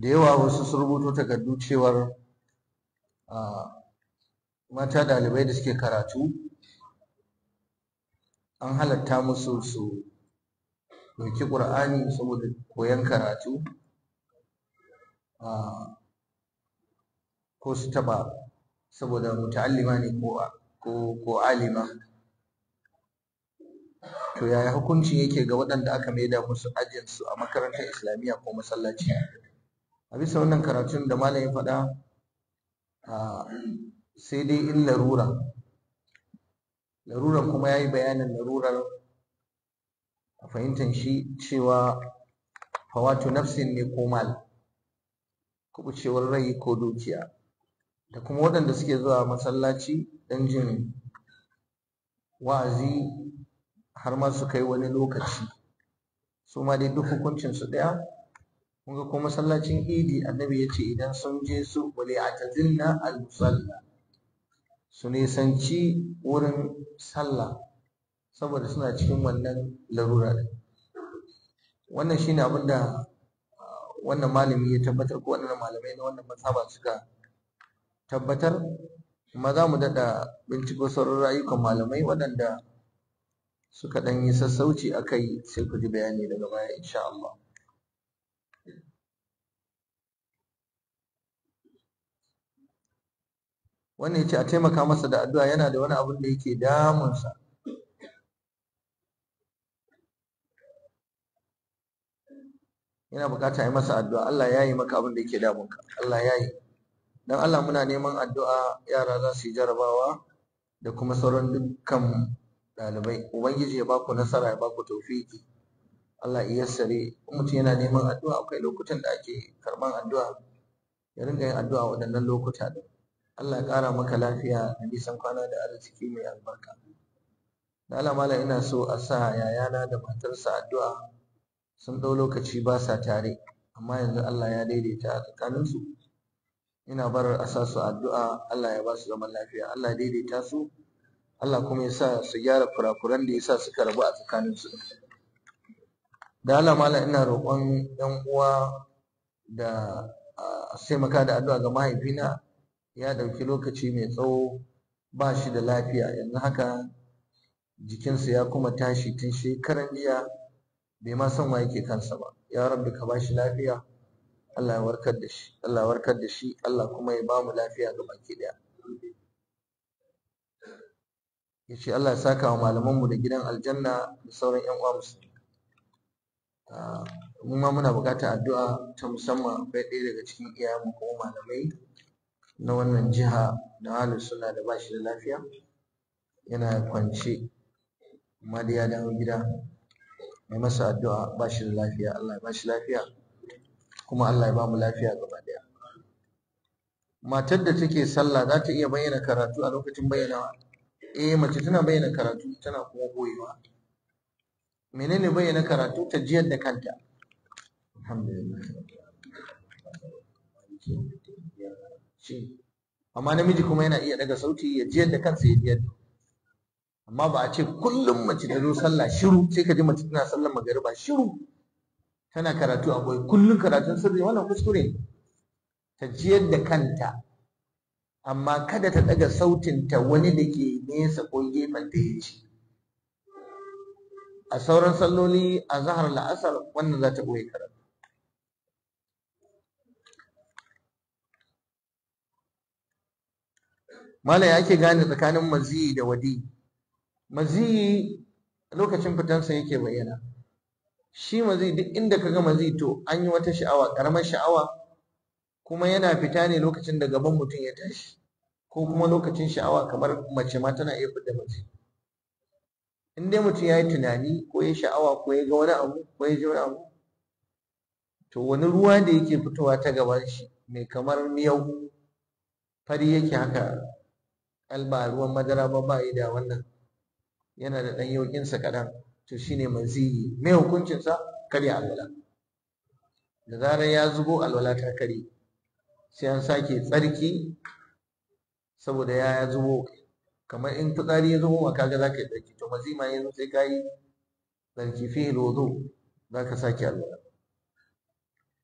da yawa wasu sun rubuto takardu cewar mata ɗalibai da suke karatu an halatta musu su ɗauki ƙur'ani saboda koyon karatu ko su taɓa saboda muta'allima ne ko alima to yaya hukuncin yake ga waɗanda aka maida musu ajinsu a makarantar islamiyya ko masallaci a bisa wannan karatun da malam ya faɗa sai dai in larura laruran kuma ya yi bayanin larurar a fahimtar shi cewa fawatu nafsin ne ko mal kubucewar rai ko dukiya da kuma waɗanda suke zuwa masallaci ɗan jin wa'azi har ma su kai wani lokaci su ma dai duk hukuncinsu ɗaya kun kuma masallacin idi annabi ya ce idan sun je su wale a tazilna al-musalla su nisanci wurin sallah saboda suna cikin wannan larura ne wannan shi ne abinda wannan malami ya tabbatar ko wannan malamai na wannan masaba suka tabbatar kuma za mu daɗa binciko sauran rayukan malamai waɗanda suka ɗan yi sassauci a kai sai ku ji bayani daga baya insha Allah ya ce a taimaka masa da addu'a yana da wani abun da yake damunsa yana bukata yi masa addu'a Allah ya yi maka abin da yake damunka Allah ya yi dan Allah muna neman addu'a yara za su yi jarabawa da kuma sauran dukkan ɗalibai ubangiji ya baku nasara ya baku tawfiki Allah ya yassare mutum yana neman addu'a akwai lokutan da ake karban addu'a ya ringa yin addu'a waɗannan lokuta din Allah ya ƙara maka lafiya da nisan kwana da arziki mai albarka da alamala ina so a sa yayana da matarsa addu'a sun ɗau lokaci ba sa tare amma yanzu Allah ya daidaita tsakaninsu ina barar a sa su addu'a Allah ya ba su zaman lafiya Allah ya daidaita su Allah kuma ya sa su gyara kurakuran da ya sa suka rabu a tsakaninsu da Allah ina roƙon 'yan uwa da a taimaka da addu'a ga mahaifina ya ɗauki lokaci mai tsawo ba shi da lafiya yanzu haka jikinsa ya kuma tashi tun shekaran jiya bai ma san wa yake kansa ba ya rabu ka ba shi lafiya Allah ya warkar da shi Allah ya warkar da shi Allah kuma ya ba mu lafiya ga baki daya yace Allah ya saka wa malaman da gidan aljanna da sauran yan uwa musulmi Mun ma muna bukatar addu'a ta musamman bai ɗaya daga cikin iyayenmu kuma malamai na wannan jiha na halin suna da ba shi da lafiya yana kwance amma da ya dawo gida mai masa addu'a ba shi da lafiya Allah ya ba shi lafiya kuma Allah ya ba mu lafiya gaba daya matar da take sallah za ta iya bayyana karatu a lokacin bayyanawa eh mace tana bayyana karatu tana kuma koyewa menene bayyana karatu ta jiyar da kanta alhamdulillah shi amma namiji kuma yana iya daga sauti ya ji yadda kansa ya jiyar amma ba a ce kullum mace ta zo sallah shiru sai ka ji mace tana sallar ba, shiru tana karatu a goyi kullum karatun sirri wannan kuskure ta ji yadda kanta amma kada ta daga sautin ta wani da ke nesa ko gefen da ya ci a sauran salloli a zahar la'asar wannan za ta boye karatu malam ke gane tsakanin maziyi da wadi maziyi lokacin fitansa yake bayyana shi maziyi duk inda ka ga maziyi to an yi wata sha'awa ƙaramar sha'awa kuma yana fita ne lokacin da gaban mutum ya tashi ko kuma lokacin sha'awa kamar mace ma tana iya fita maziyi in dai mutum ya yi tunani ko ya sha'awa ko ya ga wani abu ko ya ji wani abu to wani ruwa da yake fitowa ta gaban shi mai kamar miyau fari yake haka alba ruwan madara ba ba da wannan yana da ɗan yaukinsa kaɗan to shine manziyi mai hukuncinsa kare alwala da zarar ya zubo alwala ta kare sai an sake tsarki saboda ya zubo kamar in fitsari ya zubo ma kaga za ka yi tsarki to ma yanzu sai ka yi tsarki fi lozo za ka sake alwala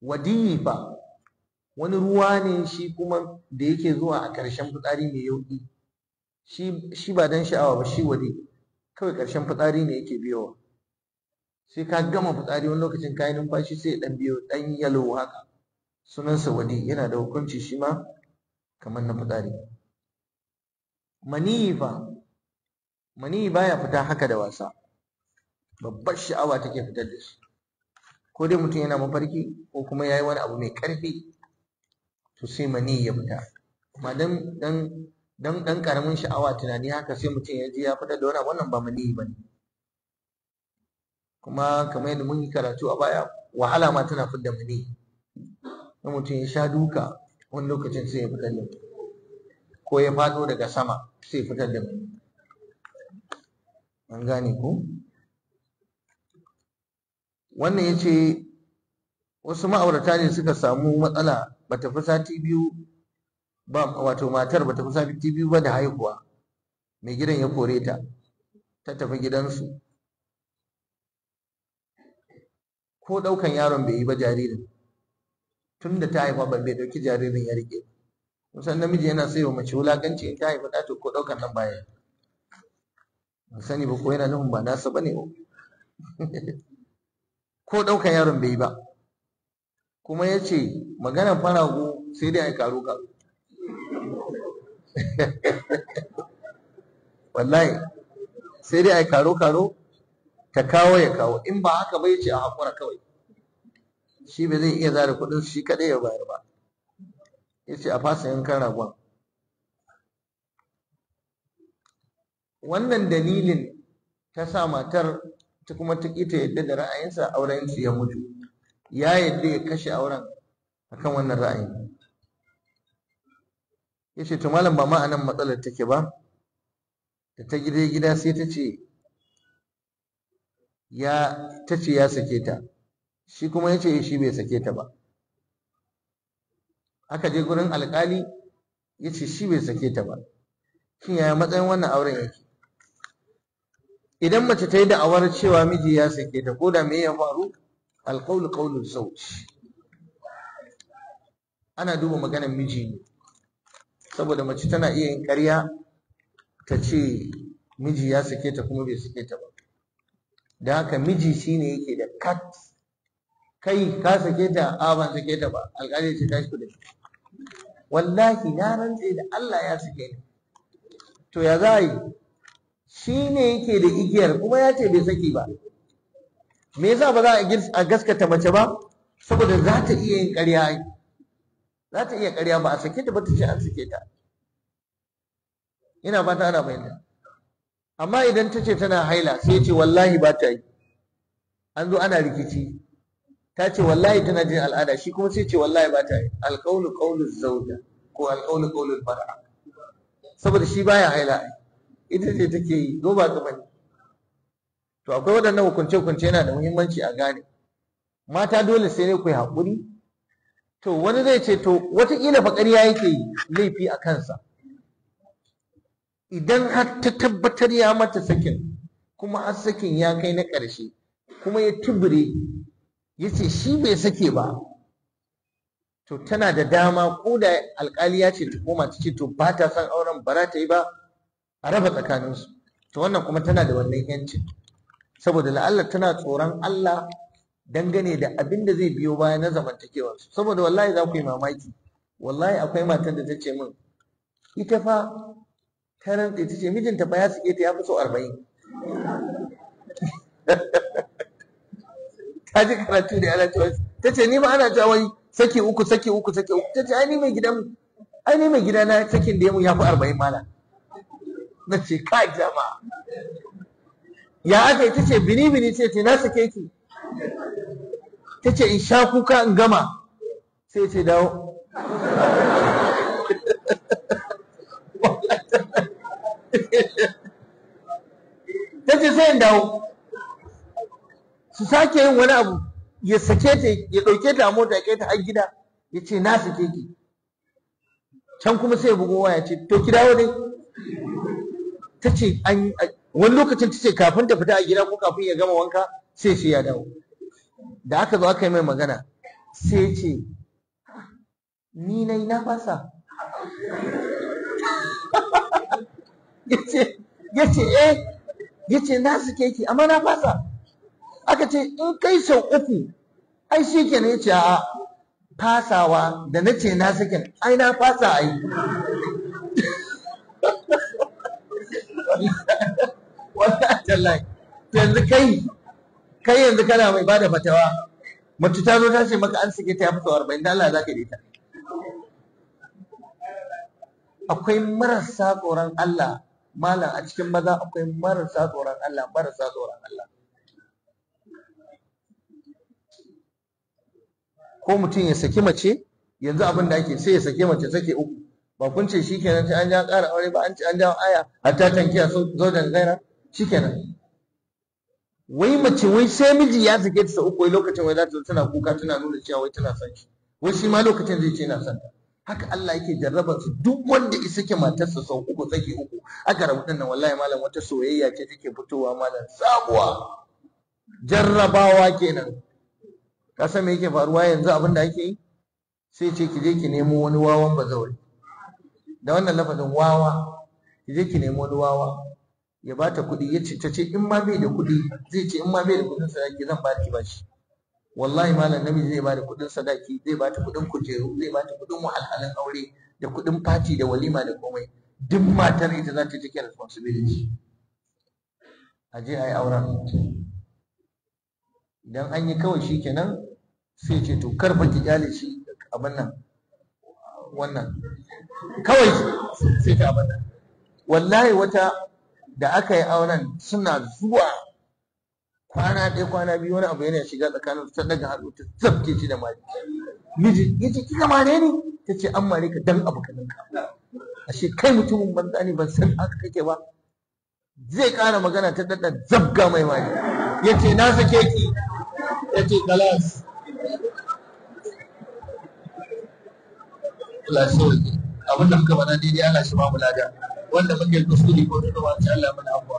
wadi ba, wani ruwa ne shi kuma da yake zuwa a ƙarshen fitsari mai yauƙi shi ba dan sha'awa ba shi wadi kawai ƙarshen fitsari ne yake biyowa sai ka gama fitsari wani lokacin kayan numfashi sai dan biyo dan yalo haka sunansa wadi yana da hukunci shi ma kamar na fitsari maniyi fa maniyi baya fita haka da wasa babbar sha'awa take fitar da shi ko dai mutum yana mafarki ko kuma ya yi wani abu mai karfi to sai maniyi ya fita amma dan dan dan dan karamin sha'awa tunani haka sai mutum ya ji ya fada da wannan wannan ba mani bane kuma kamar yadda mun yi karatu a baya wahala ma tana fidda mani dan mutum ya sha duka wani lokacin sai ya fitar da ko ya fado daga sama sai ya fitar da mani an gane ko wannan ya ce wasu ma'aurata ne suka samu matsala bata fi sati biyu ba wato matar bata kusa sati biyu ba da haihuwa mai gidan ya kore ta ta tafi gidansu ko ɗaukan yaron bai yi ba jaririn tun da ta haifa ban bai ɗauki jaririn ya rike musan namiji yana sai wa mace wulakanci in ta haifa ɗa to ko ɗaukan nan baya ban sani ba ko yana nufin ba nasa ba ne ko ɗaukan yaron bai yi ba kuma ya ce maganar farago sai dai a yi karo karo wallahi sai dai yi karo karo ta kawo ya kawo in ba haka bai ce a haƙura kawai shi ba zai iya zara kudin shi kaɗai ya bayar ba Ya ce a fasa yankan ragon wannan dalilin ta sa matar ta kuma ta ƙi ta yadda da ra'ayinsa auren ya mutu ya yadda ya kashe auren akan wannan ra'ayin ya ce to malam ba ma anan matsalar take ba da ta gida gida sai ta ce ya ta ce ya sake ta shi kuma ya ce eh, shi bai sake ta ba aka je gurin alkali ya ce shi bai sake ta ba shin yaya matsayin wannan auren yake idan mace ta yi da'awar cewa miji ya sake ta ko da me ya faru alƙaulu ƙaulun sauci ana duba maganar miji ne saboda mace tana iya yin ƙarya ta ce miji ya sake ta kuma bai sake ta ba da haka miji shine yake da kat kai ka sake ta a ban sake ta ba alƙali ce tashi da shi wallahi na rantse da Allah ya sake ni to ya za yi shi ne yake da igiyar kuma ya ce bai sake ba me yasa ba za a gaskata mace ba saboda za ta iya yin ƙarya za ta iya ƙarya ba a sake ta ba ta ce an sake ta ina fata ana da amma idan ta ce tana haila sai ce wallahi ba ta yi an zo ana rikici ta ce wallahi tana jin al'ada shi kuma sai ce wallahi ba ta yi alƙaunu ƙaunin zauda ko alƙaunu ƙaunin fara saboda shi baya haila ita ce take yi zo ba ka mani to akwai waɗannan hukunce-hukunce yana da muhimmanci a gane mata dole sai ne ku yi haƙuri to wani zai ce to wataƙila fa ƙarya yake laifi a kansa idan har ta tabbatar ya mata sakin kuma har sakin ya kai na ƙarshe kuma ya tubure ya ce shi bai sake ba to tana da dama ko da alƙali ya ce ta koma ta ce to ba ta son auren ba za ta yi ba a raba tsakaninsu to wannan kuma tana da wannan yancin saboda la'alla tana tsoron Allah dangane da abin da zai biyo baya na zamantakewar su saboda wallahi za ku yi mamaki wallahi akwai matar da ta ce min ita fa ta rantse ta ce mijinta ba ya suke ta ya fi so arba'in ta ji karatu da ana cewa ta ce ni ma ana cewa wai saki uku saki uku saki uku ta ce ai ni mai gidan ai ni mai gidana sakin da ya ya fi arba'in mala na ce ka jama'a ya aka yi ta ce bini bini ce ce na sake ki ta ce in sha kuka in gama sai ce dawo ta ce sai in dawo su sake yin wani abu ya sake ta ya ɗauke ta a mota ya kai ta har gida ya ce na sake ki can kuma sai ya waya ce to ki dawo dai ta ce wani lokacin ta ce kafin ta fita a gida ko kafin ya gama wanka sai shi ya dawo da aka zo aka yi mai magana sai ce ni na yi na fasa ce eh ce na su ki amma na fasa aka ce in kai sau uku ai shi ya ce a fasawa da na ce na suke ai na fasa ai wallahi tallahi yanzu kai kai yanzu kana mai bada fatawa mace ta zo ta ce maka an sike ta ya fito 40 da Allah za ka yi ta akwai marasa tsoron Allah malam a cikin maza akwai marasa tsoron Allah marasa tsoron Allah ko mutum ya saki mace yanzu abin da ake sai ya saki mace sake uku ba kun ce shikenan sai an ja ƙara aure ba an ce an ja aya hatta tankiya zo da gaira shikenan wai mace wai sai miji ya zage ta uku wai lokacin wai za ta tana kuka tana nuna cewa wai tana son shi wai shi ma lokacin zai ce yana son ta haka Allah yake jarraba su duk wanda isa ke matarsa sau uku zage uku aka rabu din nan wallahi malam wata soyayya ce take fitowa malam sabuwa jarrabawa kenan ka san me yake faruwa yanzu abin da ake yi sai ce ki je ki nemo wani wawan bazawari da wannan lafazin wawa ki je ki nemo wani wawa ya ba ta kuɗi ya ce ta ce in ma bai da kuɗi zai ce in ma bai da kuɗin sadaki zan ba ki bashi wallahi malam nabi zai ba da kuɗin sadaki zai ba ta kuɗin kujeru zai ba ta kuɗin wahalhalan aure da kuɗin fati da walima da komai duk matar ita za ta take responsibility a je a yi auren idan an yi kawai shi kenan sai ce to karfa ki kyale shi abin nan wannan kawai sai ta abin nan wallahi wata da aka yi auren suna zuwa kwana ɗaya kwana biyu wani abu yana shiga tsakanin ta daga hannu ta zafke shi da mari miji ya ce kika mare ni ta ce an mare ka dan abu kanin ka ashe kai mutumin banza ne ban san haka kake ba zai ƙara magana ta daɗa zabga mai mari ya ce na sake ki ya ce kalas Allah shi abin da muka bana daidai Allah shi ma mu lada wanda muke kuskure ko da wa ta Allah mana abuwa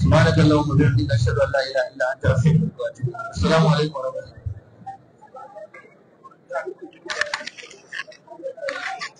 subhanaka allahumma wa bihamdihi ashhadu an la ilaha illa anta astaghfiruka wa atubu ilayk assalamu alaikum wa rahmatullahi wa barakatuh